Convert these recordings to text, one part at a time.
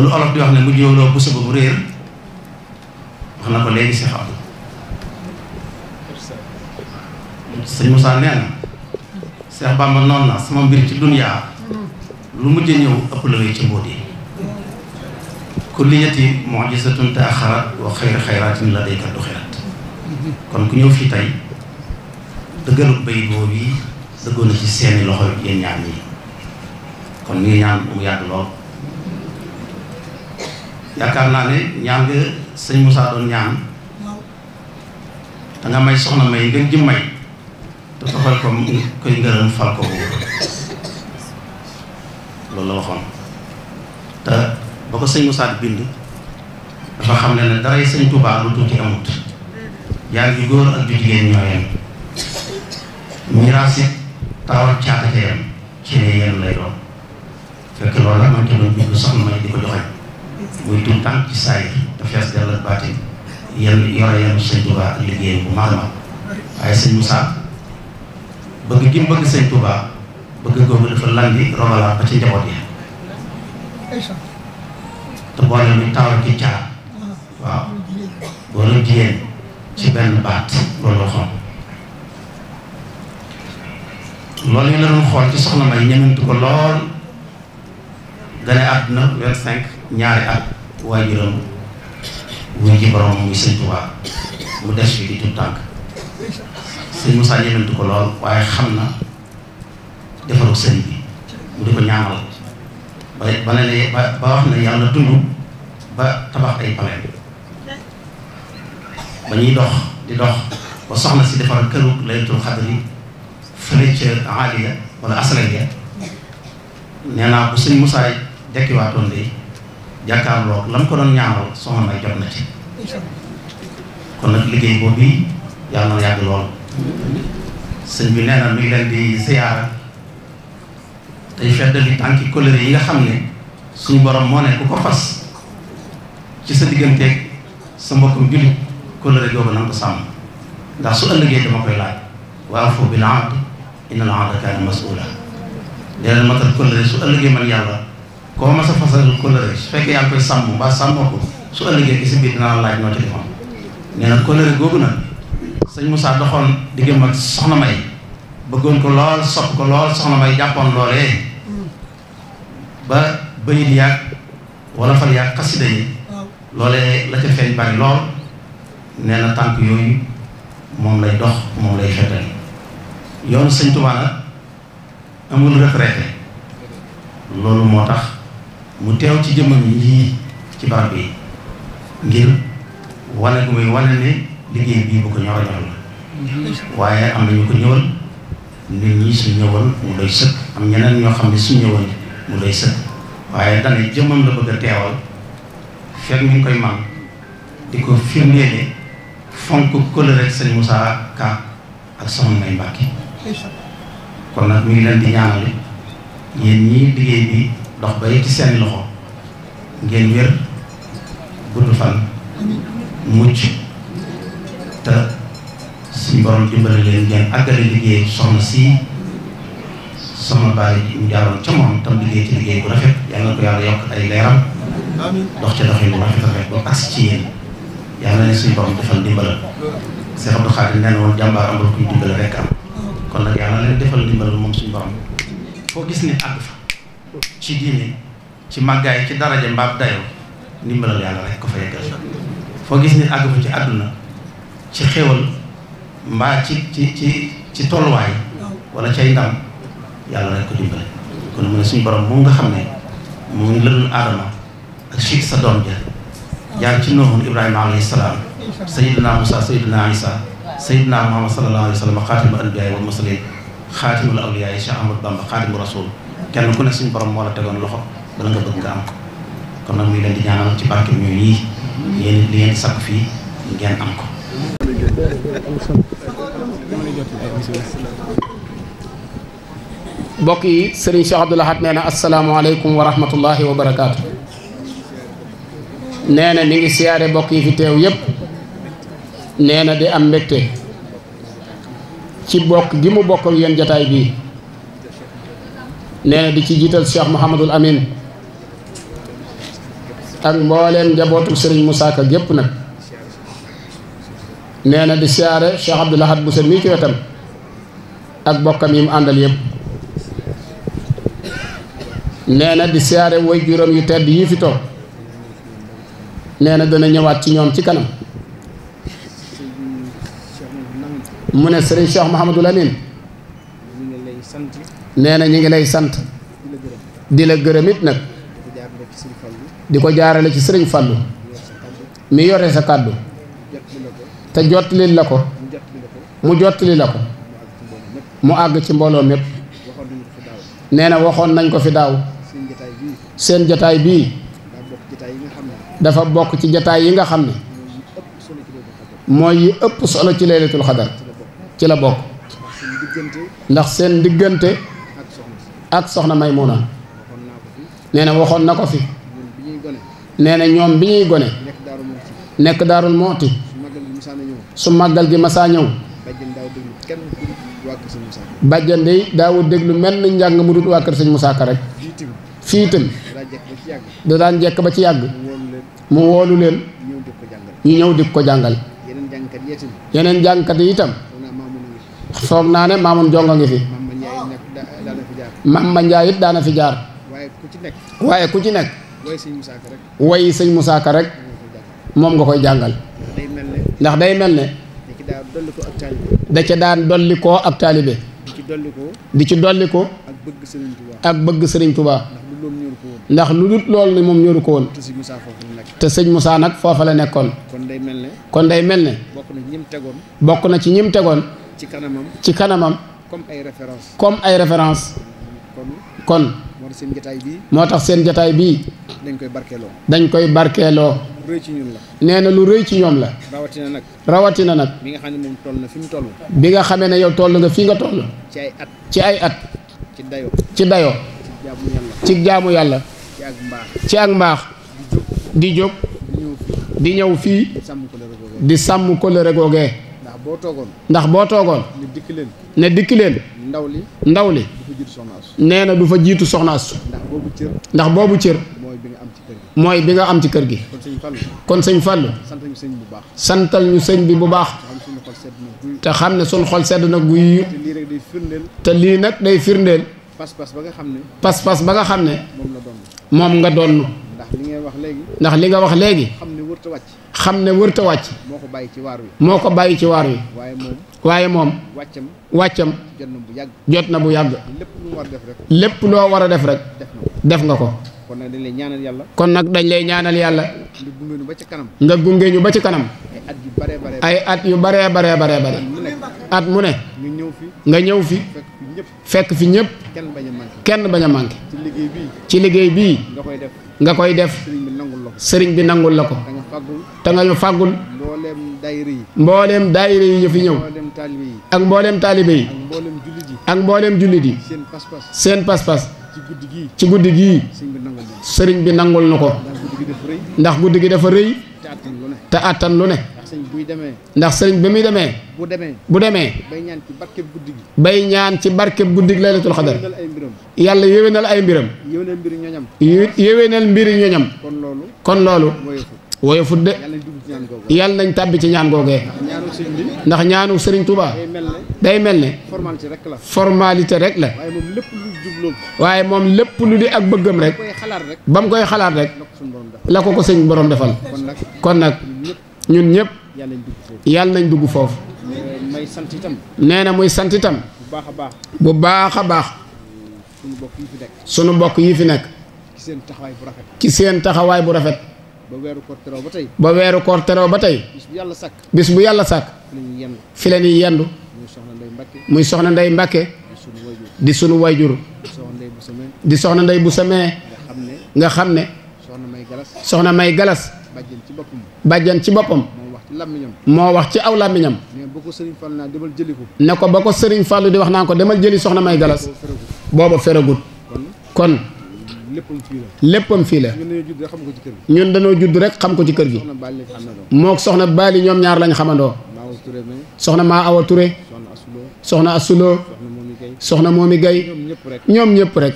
loolu olof di wax ne mu jóoloo bu saba bu réer wax na ko léegi si xam sëñ Moussa nee na Seex Bàmba noonu na sama mbir ci dunyaa lu mujj ñëw ëpp la wéy ci mbóot yi kulliyati mujizatun taaxarat wa xayru xayraatin la dayka du xayrat kon ku ñëw fii tey dëggalu bay boobu yi dëggoon na ci seeni loxo yéen ñaar ñi kon ñu ngi ñaan mu yàgg lool yaakaar naa ne ñaan nga sëñ Moussa doon ñaan may soxna may ngeen ji may te soxal ko koy ngërëm fal ko loolu la waxoon te ba ko sëñ Moussa bind dafa xam ne ne daray sëñ Touba lu tuuti amut yaa ngi góor ak ju jigéen ñoo yem miraas it taawal caatake yem ci ne yéen lay doon fekk loolu la man te doon bind soxna may di ko joxe muy tuut tànk ci saa yi te fees dell ak baatin yéen yore yéen sëñ Touba ak liggéey bu mag ma waaye sëñ Moussa bëgg gi mu bëgg sëñ Touba bëgg googu dafa landi robalaa ba ci njaboot yi te boole mi taw ci caar waaw boole jigéen ci benn baat loolu waxoon loolu yi la doon xool ci soxna may ñemantu ko lool gane àdduna vingt cinq ñaari at waajuram wuy ci borom muy sëñ mu des fi di tuut tànk sëñ Moussa ñementu ko lool waaye xam na defaru sëñ bi mu di ko ñaamal ba ba ne ba ba wax ne yàlla dund ba tabax ay paleem ba ñuy dox di dox ba soxna si defar këru laylatul xadri fële ca aaliya wala asraja nee naa bu sëñ Moussa dekkiwaatoon de jàkkaarloog la mu ko doon ñaanal soxna may jot na ci kon nag liggéey boobu bi yàlla na yàgg lool sëñ bi na mi ngi leen di ziyaara tey feddali tànki colère yi nga xam ne suñu borom moo ne ku ko fas ci sa digganteeg sa mbokkum jullit colère googu na nga sàmm ndax su ëllëgee dama koy laaj waaw bi la am a al ahda kaana mas'uula dee matal colère su ëllëgee man yàlla koo ma sa fasal kóllëre su fekkee yaa koy sàmm mbaa sàmmoo ko su ëllëgee si biir dinaa la laaj noo téléphone nee na kóllëre googu nag sëñ Moussa doxoon diggam ak soxna May bëggoon ko lool sopp ko lool soxna May jàppoon loolee ba bëyit yàgg wala fal yàgg xasida yi loolee la ca feeñ bari lool nee tànk yooyu moom lay dox moom lay xetal yoonu sëñ Tuubaa nag amul retraité loolu moo tax mu teew ci jëmmam yi ci barab yi ngir wane gu muy wane ne liggéey bii bu ko ñor a la waaye am na ñu ko ñëwal nit ñi suñu ñëwal mu doy sëkk am ñeneen ñoo xam ne suñu ñëwal mu doy sëkk waaye dana jëmmam la bëgg a teewal fekk ñu koy man di ko firndeele fonk kóllëre rek sëñ Moussa Ka ak soxna May Mbàkke kon nag mi leen di ñaanale yéen ñii liggéey bi dox ba ci seen loxo ngeen wér gudd fan mucc te suñu borom dimbali leen ngeen àggale liggéey soxna si sama bàyyi ji ñu jaaroon ca moom tam liggéey ci liggéey bu rafet yàlla na ko yàlla yokk ay leeram dox ca doxin bu rafet ne suñu borom defal dimbalal Seex Abdu Xaadir nee na woon jàmbaar amul kuy dimbal rek am kon nag yàlla leen defal dimbalal moom suñu borom foo gis ne àgg ci diine ci màggaay ci daraja mbaab dayoo ndimbalal yàlla rek ko fa yeggal foo gis nit àgg fa ci àdduna ci xéwal mbaa ci ci ci ci tolluwaay wala cay ndam yàlla rek ko dimbale kon mu ne suñu borom moom nga xam ne mu ngi lëlul aadama ak siit sa doom ja jaar ci noohun ibrahima alayhi salaam sayiduna musa sayiduna isa sayiduna muhammad sallallahu alayhi wa sallam xaatimu anbiyaay wal mursalin xaatimul awliyaay cheikh ahmad bamba xaatimu rasul kenn ku ne suñu borom moo la tegoon loxo bala nga bëgg nga am ko kon nag muy leen di ñaanal ci barke ñooy yii yéen li ngeen sakk fii ngeen am ko. mbokk yi Serigne Cheikh Abdoul Ahad nee na asalaamaaleykum wa rahmatullahi wa barakaatu. nee na mi ngi siyaare mbokk yi fi teew yépp nee na di am mbégte ci bokk gi mu bokk ak jataay bii. nee di ci jiital Cheikh Mouhamadul Amin ak mbooleem njabootu sëriñ Moussa Ka gépp nag nee na di siyaare Cheikh Abdoul bu sa mii ci wetam ak bokkam yi mu àndal yépp nee na di siyaare way juróom yu tedd yii fi toog nee na dana ñëwaat ci ñoom ci kanam mu ne sëriñ Cheikh Mouhamadul Amin nee na ñu ngi lay sant di la gërëm it nag di ko jaarale ci sëriñ Fallou mi yore sa kàddu te jottali la ko mu jottali la ko mu àgg ci mbooloo mépp nee na waxoon nañ ko fi daaw seen jataay bii dafa bokk ci jataay yi nga xam ne mooy yi ëpp solo ci laylatul xadar ci la bokk ndax seen diggante ak soxna na nee na waxoon na ko fi nee na ñoom bi ñuy gone nekk daarul mooti su màggal gi masaa ñëw bàjjan day daawul déglu mel ni njàng mu dut waa sañ sëñ Musaa Ka rek fii itam da daan jekk ba ci yàgg mu woolu leen ñu ñëw di ko jàngal yeneen jàngkat yi itam foog naa ne maamun jongo ngi fi maam ma Njaay it daana fi jaar waaye ku ci nekk waaye ku ci nekk way sëñ Musaa Ka rek moom nga koy jàngal ndax day mel ne da ca daan dolli koo ab taalibe di ci dolli ko ak bëgg sëriñ Tuubaa ndax lu dul lool ne moom ñoru ko woon te sëñ musaa nag foofa la nekkoon kon day mel ne kon day mel ne bokk na ci ñim tegoon ci kanamam ci kanamam comme ay référence comme ay référence kon moo tax seen jataay bii moo tax seen jataay bii dañ koy barkeeloo dañ koy barkeeloo ci ñun la nee na lu rëy ci ñoom la rawatina nag rawatina nag bi nga xam ne moom toll na fi mu toll bi nga xamee ne yow toll nga fi nga toll ci ay at ci ay at ci dayo ci dayo ci jaamu yàlla ci ak mbaax ci ak mbaax di jóg di ñëw fii di sàmm kóllëre googee ndax boo toogoon ne dikk leen ne dikk leen ndaw li ndaw li nee na du fa jiitu soxnaas ndax boobu cër mooy bi nga am ci kër gi kon sëñ Fallou santal ñu sëñ bi bu baax te xam ne suñ xol sedd na guy te lii nag day firndeel pas-pas ba nga xam ne pas-pas ba nga xam ne moom nga donn ndax li nga wax léegi xam ne wërta wàcc xam ne wërta wàcc moo ko bàyyi ci waar wi moo ko bàyyi ci waar wi waaye moom wàccam jot na bu yàgg lépp loo war a def rek def nga ko kon nag dañ lay ñaanal yàlla kon nag dañ lay ñaanal yàlla nga gunge ñu ba ci kanam nga gunge ñu ba ci kanam ay at yu baree baree baree bare at mu ne nga ñëw fi fekk fi ñëpp kenn bañ a manqué ci liggéey bii nga koy def sëriñ bi nangul la ko te nga ñu fàggul mbooleem daayira yi mbooleem daayira ñu fi ñëw ak mbooleem taalibe yi ak mbooleem jullit yi seen pas-pas ci guddi gii sëriñ bi nangul na ko ndax guddi gi dafa rëy te àttan lu ne ndax sëriñ bi muy demee bu demee bay ñaan ci barkeb guddi gi laylatul xadar yàlla yéwénal ay mbiram yéwénal mbiri ñoñam kon loolu woyofut de yàlla nañ tàbbi ci ñaan googee ndax ñaanu Serigne Touba day mel ne formalité rek la waaye moom lépp lu di ak bëggam rek ba mu koy xalaat rek la ko ko sëñ borom defal kon nag ñun ñëpp yàlla nañ dugg foofu nee na muy sant itam bu baax a baax sunu mbokk yi fi nekk ci seen taxawaay bu rafet. ba weeru koor teroo ba tey. ba weeru koor teroo ba tey. bis bu yàlla sàkk. bis bu yàlla sàkk. fi la ñuy yendu. muy soxna Ndeye Mbacke. muy soxna Ndeye Mbacke. di sunu wayjur. di soxna Ndeye bu Samee. nga xam ne. soxna May Galas. soxna May Galas. bàjjan ci boppam. bàjjan ci boppam. moo wax ci aw làmmiñam. ne ba ko Serigne Fall naa demal jëli ko. ne ko ba ko Serigne Fall di wax naa ko demal jëli soxna May Galas. booba feragut kon. léppam fii la ñun dañoo judd rek xam ko ci kër gi mook soxna Bali ñoom ñaar lañ xamandoo soxna maa awa Touré soxna Asulo soxna Momi Gay ñoom ñëpp rek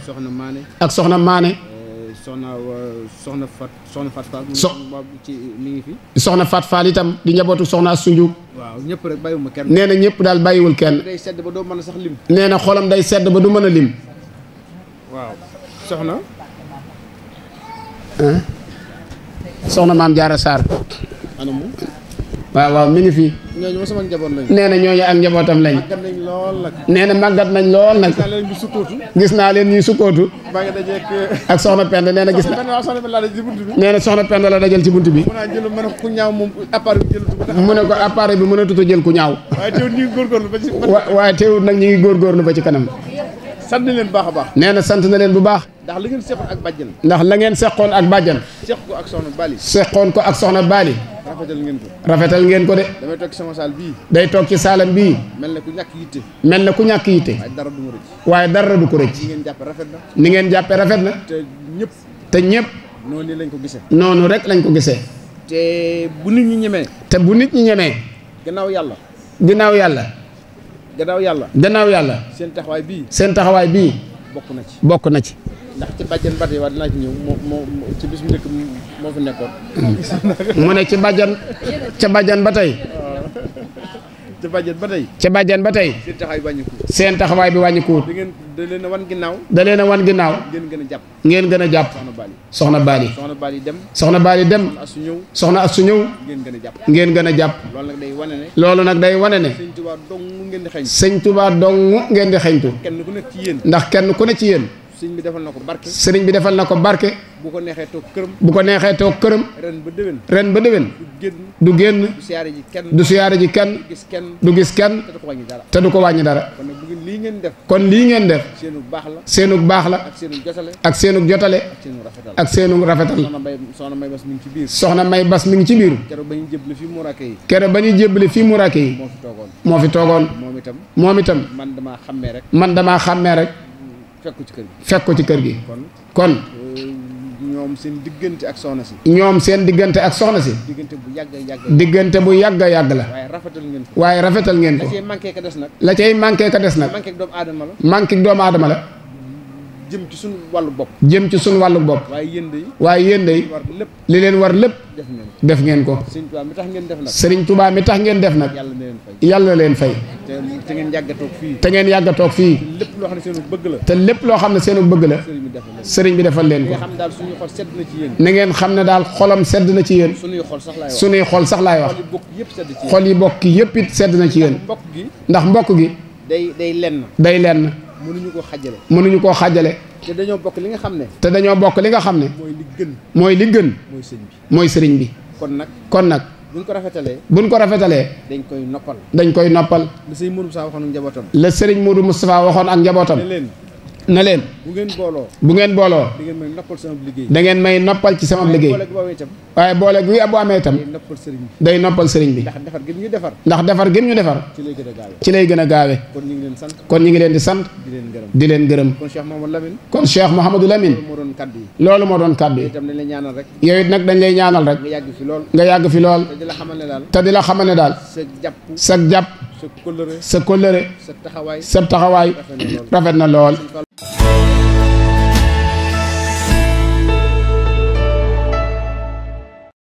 ak soxna Maane eh, soxna euh, soxna Fat soxna Fat Fall. so ci mi ngi fi. soxna Fat Fall itam di njabootu soxna Sunjuk. waaw ñëpp rek bàyyiwuma kenn. nee na ñëpp daal bàyyiwul kenn. day sedd ba doo mën sax lim. nee na xolam day sedd ba du mën a lim. soxna maam Jaara Sarr. waaw waaw mi ngi fi. nee na ñooñu ak njabootam lañ. nee na màggat nañ lool nag. gis naa leen ñuy sukkootu. Euh, ak soxna Pend nee na gis na. nee na soxna Pend la dajal ci bunt bi. mu ne ko appareil bi mënatut a jël ku ñaaw. waaye teewut nag ñu ngi góorgóorlu ba ci kanam. sant na leen bu sant na leen bu baax. ndax la ngeen seqoon ak bàjjan. ndax la ngeen seqoon ak bàjjan. seq ko ak soxna Bali. seqoon ko ak soxna Bali. rafetal ngeen ko. rafetal ngeen ko de. damay toog ci bii. day toog ci saalam bii. mel na ku ñàkk yitte. mel na ku ñàkk yitte. waaye dara du ko rëcc. waaye dara du ko rëcc. ni ngeen jàppee rafet na. ni ngeen jàppee rafet na. te ñëpp. te ñëpp. noonu lañ ko gisee. noonu rek lañ ko gisee. te bu nit ñi ñemee. te bu nit ñi ñemee. gannaaw yàlla. gannaaw yàlla. gannaaw yàlla. gannaaw yàlla. seen taxawaay bii. seen taxawaay bii. bokk na ci bokk na ci. ndax ci bàjjan bati waa dinaa ci ñëw moo moo ci bis bu njëkk moo fi nekkoon. mu ne ci bàjjan ca bàjjan ba tey. ca bàjjan ba tey. ca bàjjan ba tey. seen taxawaay bi wàññi kuut. seen taxawaay bi wàññi kuut. ngeen da leen a wan ginnaaw. da leen a wan ginnaaw. ngeen gën a jàpp. ngeen gën a jàpp. soxna Bali. soxna Bali dem. soxna Bali dem. soxna Asu ñëw. soxna Asu ñëw. ngeen gën a jàpp. ngeen gën a jàpp. loolu nag day wane ne. loolu nag day wane ne. sëñ Tuubaa dong ngeen di xeeñtu. sëñ Tuubaa dong ngeen di xeeñtu. kenn ku ne ci yéen. ndax kenn ku ne ci yéen. sëriñ bi defal na ko barke. sëriñ bi defal na ko barke. bu ko neexee toog këram. bu ko neexee toog këram. ren ba déwén. ren ba déwén. du génn. du siyaare ji kenn. du siyaare ji kenn. du gis kenn. du gis kenn. te du ko wàññi dara. kon nag lii ngeen def. kon lii ngeen def. seenu baax la. seenu baax la. ak seenu jotale. ak seenu jotale. ak seenu rafetal. soxna May Bas mi ngi ci biir. soxna May Bas mi ngi ci biir. keroog ba ñuy jébbali fii Mourake yi. keroog moo fi toogoon. moo fi toogoon. moom itam. moom itam. man damaa xàmmee rek. fekk ko ci kër gi. ci kër gi. kon kon. Euh, ñoom seen diggante ak soxna si. ñoom seen diggante ak soxna si. diggante bu yàgg yàgg la. diggante bu yàgg yàgg la. waaye rafetal ngeen ko. waaye rafetal ngeen ko. la cay manqué ka des nag. la cay manqué ka des nag. manqué doomu aadama la. manqué la. jëm ci suñu wàllu bopp. jëm ci suñu wàllu bopp. waaye yéen de. waaye yéen de li leen war lépp. def ngeen def ngeen ko. Serigne Touba mi tax ngeen def nag. Serigne Touba mi tax def nag. yàlla na leen fay. te ngeen yàgg fii. te ngeen yàgg fii. lépp loo xam ne seenu bëgg la. te lépp loo xam ne seenu bëgg la. Serigne bi defal leen ko. na ngeen xam ne daal xolam sedd na ci yéen. suñuy xol sax laay wax suñuy xol sax laay wax. xol yi bokk yëpp it sedd na ci yéen. ndax mbokk gi. day day lenn. day lenn. mënuñu koo xàjjale. mënuñu koo xàjjale. te dañoo bokk li nga xam ne. te dañoo bokk li nga xam ne. mooy li gën. mooy li gën. mooy sëriñ bi. kon nag kon nag. buñ ko rafetalee. bu buñ ko rafetalee. dañ koy noppal. dañ koy noppal. la sëriñ Modou Moustapha waxoon ak njabootam. la sëriñ Modou Moustapha waxoon ak njabootam. na leen bu ngeen booloo bu ngeen booloo da ngeen may noppal ci sama liggéey waaye boole gu ab amee itam day noppal sëriñ bi ndax defar gën ñu defar ndax defar gën ñu defar ci lay gën a gaawe kon ñu ngi leen di sant di leen gërëm kon Cheikh Mouhamadou Lamine loolu moo doon kàddu yi yow it nag dañ lay ñaanal rek nga yàgg fi lool te di la xamal ne daal sa jàpp sa kóllëre sa taxawaay sa taxawaay rafet na lool